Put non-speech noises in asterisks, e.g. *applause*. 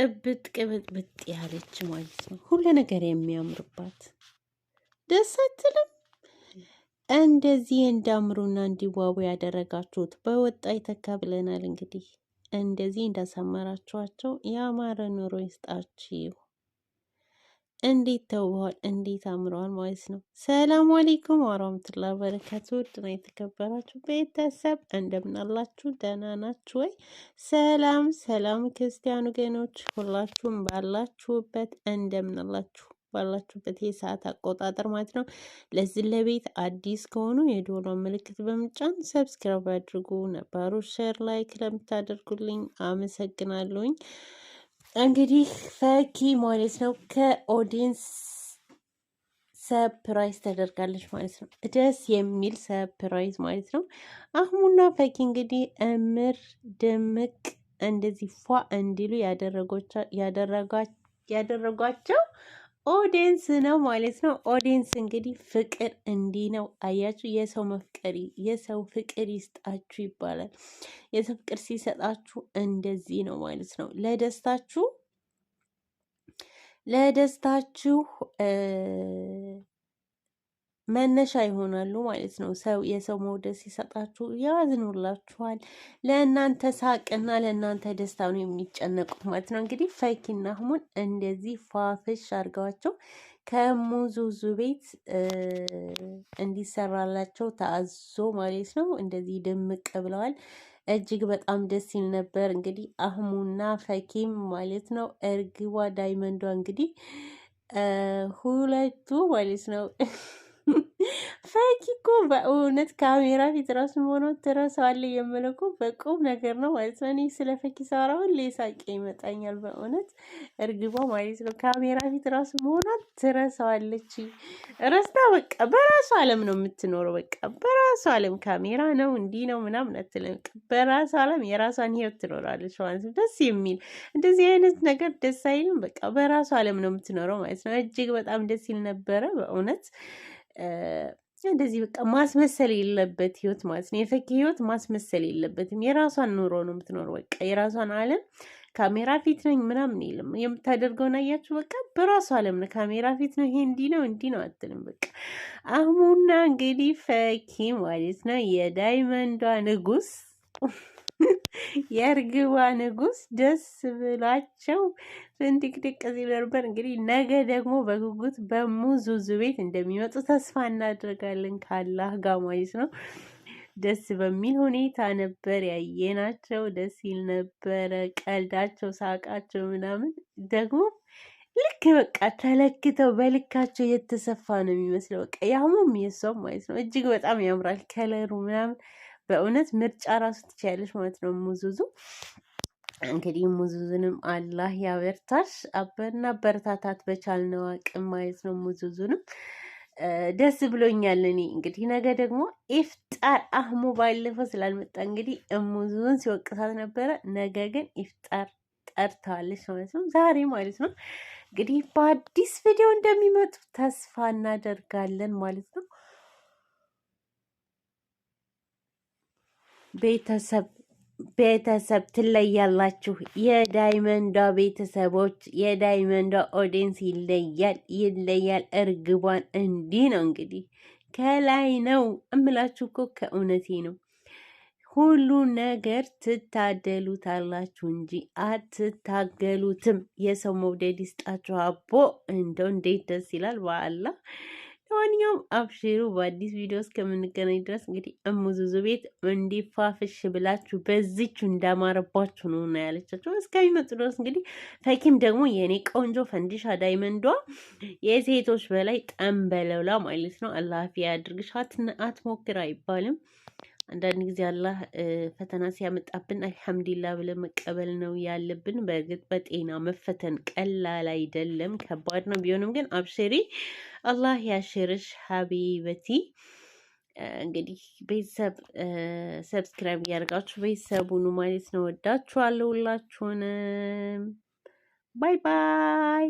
ቅብጥ ቅብጥብጥ ያለች ማለት ነው። ሁሉ ነገር የሚያምርባት ደስ አትልም? እንደዚህ እንዳምሩና እንዲዋቡ ያደረጋችሁት በወጣ ይተካብለናል። እንግዲህ እንደዚህ እንዳሳመራችኋቸው ያማረ ኑሮ ይስጣችሁ። እንዴት ተውበዋል! እንዴት አምረዋል ማለት ነው። ሰላም አሌይኩም ወራህመቱላ በረከቱ። ውድና የተከበራችሁ ቤተሰብ እንደምናላችሁ፣ ደህና ናችሁ ወይ? ሰላም ሰላም ክርስቲያኑ ገኖች ሁላችሁም ባላችሁበት እንደምናላችሁ ባላችሁበት የሰዓት አቆጣጠር ማለት ነው። ለዚህ ለቤት አዲስ ከሆኑ የዶሎ ምልክት በምጫን ሰብስክራይብ አድርጉ። ነባሩ ሼር ላይክ ለምታደርጉልኝ አመሰግናለሁኝ። እንግዲህ ፈኪ ማለት ነው ከኦዲንስ ሰፕራይዝ ተደርጋለች ማለት ነው። ደስ የሚል ሰፕራይዝ ማለት ነው። አህሙና ፈኪ እንግዲህ እምር ድምቅ እንደዚህ ፏ እንዲሉ ያደረጓቸው ኦዲየንስ ነው ማለት ነው። ኦዲየንስ እንግዲህ ፍቅር እንዲህ ነው አያችሁ። የሰው መፍቀሪ የሰው ፍቅር ይስጣችሁ ይባላል። የሰው ፍቅር ሲሰጣችሁ እንደዚህ ነው ማለት ነው። ለደስታችሁ ለደስታችሁ መነሻ ይሆናሉ ማለት ነው። ሰው የሰው መውደስ ሲሰጣችሁ ያዝኑላችኋል። ለእናንተ ሳቅና ለእናንተ ደስታ ነው የሚጨነቁት ማለት ነው። እንግዲህ ፈኪና አህሙን እንደዚህ ፋፍሽ አድርገዋቸው ከሙዙዙ ቤት እንዲሰራላቸው ተአዞ ማለት ነው። እንደዚህ ድምቅ ብለዋል። እጅግ በጣም ደስ ይል ነበር። እንግዲህ አህሙና ፈኪም ማለት ነው። እርግቧ ዳይመንዷ እንግዲህ ሁለቱ ማለት ነው *laughs* ፈኪ እኮ በእውነት ካሜራ ፊት ራሱ ሆኖ ትረሳዋለ የምለው እኮ በቁም ነገር ነው ማለት ነው። እኔ ስለ ፈኪ ሳወራ ሁሌ ሳቄ ይመጣኛል በእውነት እርግቧ ማለት ነው። ካሜራ ፊት ራሱ መሆኗን ትረሳዋለች። ረስታ በቃ በራሱ ዓለም ነው የምትኖረው። በቃ በራሱ ዓለም ካሜራ ነው እንዲህ ነው ምናምን አትልም። በራሱ ዓለም የራሷን ህይወት ትኖራለች ማለት ነው። ደስ የሚል እንደዚህ አይነት ነገር ደስ አይልም። በቃ በራሱ ዓለም ነው የምትኖረው ማለት ነው። እጅግ በጣም ደስ ይል ነበረ በእውነት እንደዚህ በቃ ማስመሰል የለበት ህይወት ማለት ነው። የፈኪ ህይወት ማስመሰል የለበትም። የራሷን ኑሮ ነው የምትኖር። በቃ የራሷን ዓለም ካሜራ ፊት ነኝ ምናምን የለም። የምታደርገውን አያችሁ። በቃ በራሷ ዓለም ነው። ካሜራ ፊት ነው። ይሄ እንዲህ ነው እንዲህ ነው አትልም። በቃ አህሙና እንግዲህ ፈኪ ማለት ነው የዳይመንዷ ንጉስ የእርግቧ ንጉስ ደስ ብሏቸው ፍንድቅድቅ እዚህ ነበር። እንግዲህ ነገ ደግሞ በጉጉት በሙዙዙ ቤት እንደሚመጡ ተስፋ እናደርጋለን ካላህ ጋር ማለት ነው። ደስ በሚል ሁኔታ ነበር ያየናቸው። ደስ ይል ነበረ ቀልዳቸው፣ ሳቃቸው ምናምን ደግሞ ልክ በቃ ተለክተው በልካቸው የተሰፋ ነው የሚመስለው። በቃ ያሁኑም የሷም ማለት ነው። እጅግ በጣም ያምራል ከለሩ ምናምን በእውነት ምርጫ ራሱ ትችያለሽ ማለት ነው ሙዙዙ እንግዲህ ሙዙዙንም አላህ ያበርታሽ። አበና በርታታት በቻልነው አቅም ማለት ነው። ሙዙዙንም ደስ ብሎኛል። እኔ እንግዲህ ነገ ደግሞ ኢፍጣር አህሙ ባለፈው ስላልመጣ እንግዲህ ሙዙዙን ሲወቅሳት ነበረ። ነገ ግን ኢፍጣር ጠርተዋለች ማለት ነው፣ ዛሬ ማለት ነው። እንግዲህ በአዲስ ቪዲዮ እንደሚመጡ ተስፋ እናደርጋለን ማለት ነው። ቤተሰብ ቤተሰብ ትለያላችሁ። የዳይመንዷ ቤተሰቦች የዳይመንዷ ኦዲንስ ይለያል ይለያል። እርግቧን እንዲህ ነው እንግዲህ ከላይ ነው እምላችሁ እኮ ከእውነቴ ነው። ሁሉ ነገር ትታደሉታላችሁ እንጂ አትታገሉትም። የሰው መውደድ ይስጣችሁ። አቦ እንደው እንዴት ደስ ይላል በአላ ለማንኛውም አብሽሩ። በአዲስ ቪዲዮ እስከምንገናኝ ድረስ እንግዲህ እሙዙዙ ቤት እንዲፋፍሽ ብላችሁ በዚች እንዳማረባችሁ ነው እና ያለቻቸው እስከሚመጡ ድረስ እንግዲህ ፈኪም ደግሞ የእኔ ቆንጆ ፈንዲሻ ዳይመንዷ የሴቶች በላይ ጠንበለውላ ማለት ነው። አላፊ ያድርግሽ። አትሞክር አይባልም። አንዳንድ ጊዜ አላህ ፈተና ሲያመጣብን አልሐምዱሊላ ብለን መቀበል ነው ያለብን። በእርግጥ በጤና መፈተን ቀላል አይደለም፣ ከባድ ነው። ቢሆንም ግን አብሽሪ፣ አላህ ያሽርሽ ሀቢበቲ። እንግዲህ ቤተሰብ ሰብስክራይብ እያደርጋችሁ ቤተሰቡኑ ማለት ነው። ወዳችኋለሁ ሁላችሁንም። ባይ ባይ።